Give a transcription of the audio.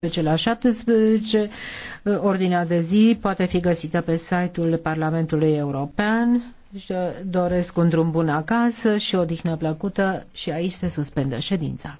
10 la 17. Uh, ordinea de zi poate fi găsită pe site-ul Parlamentului European. Uh, doresc un drum bun acasă și o dihnă plăcută și aici se suspendă ședința.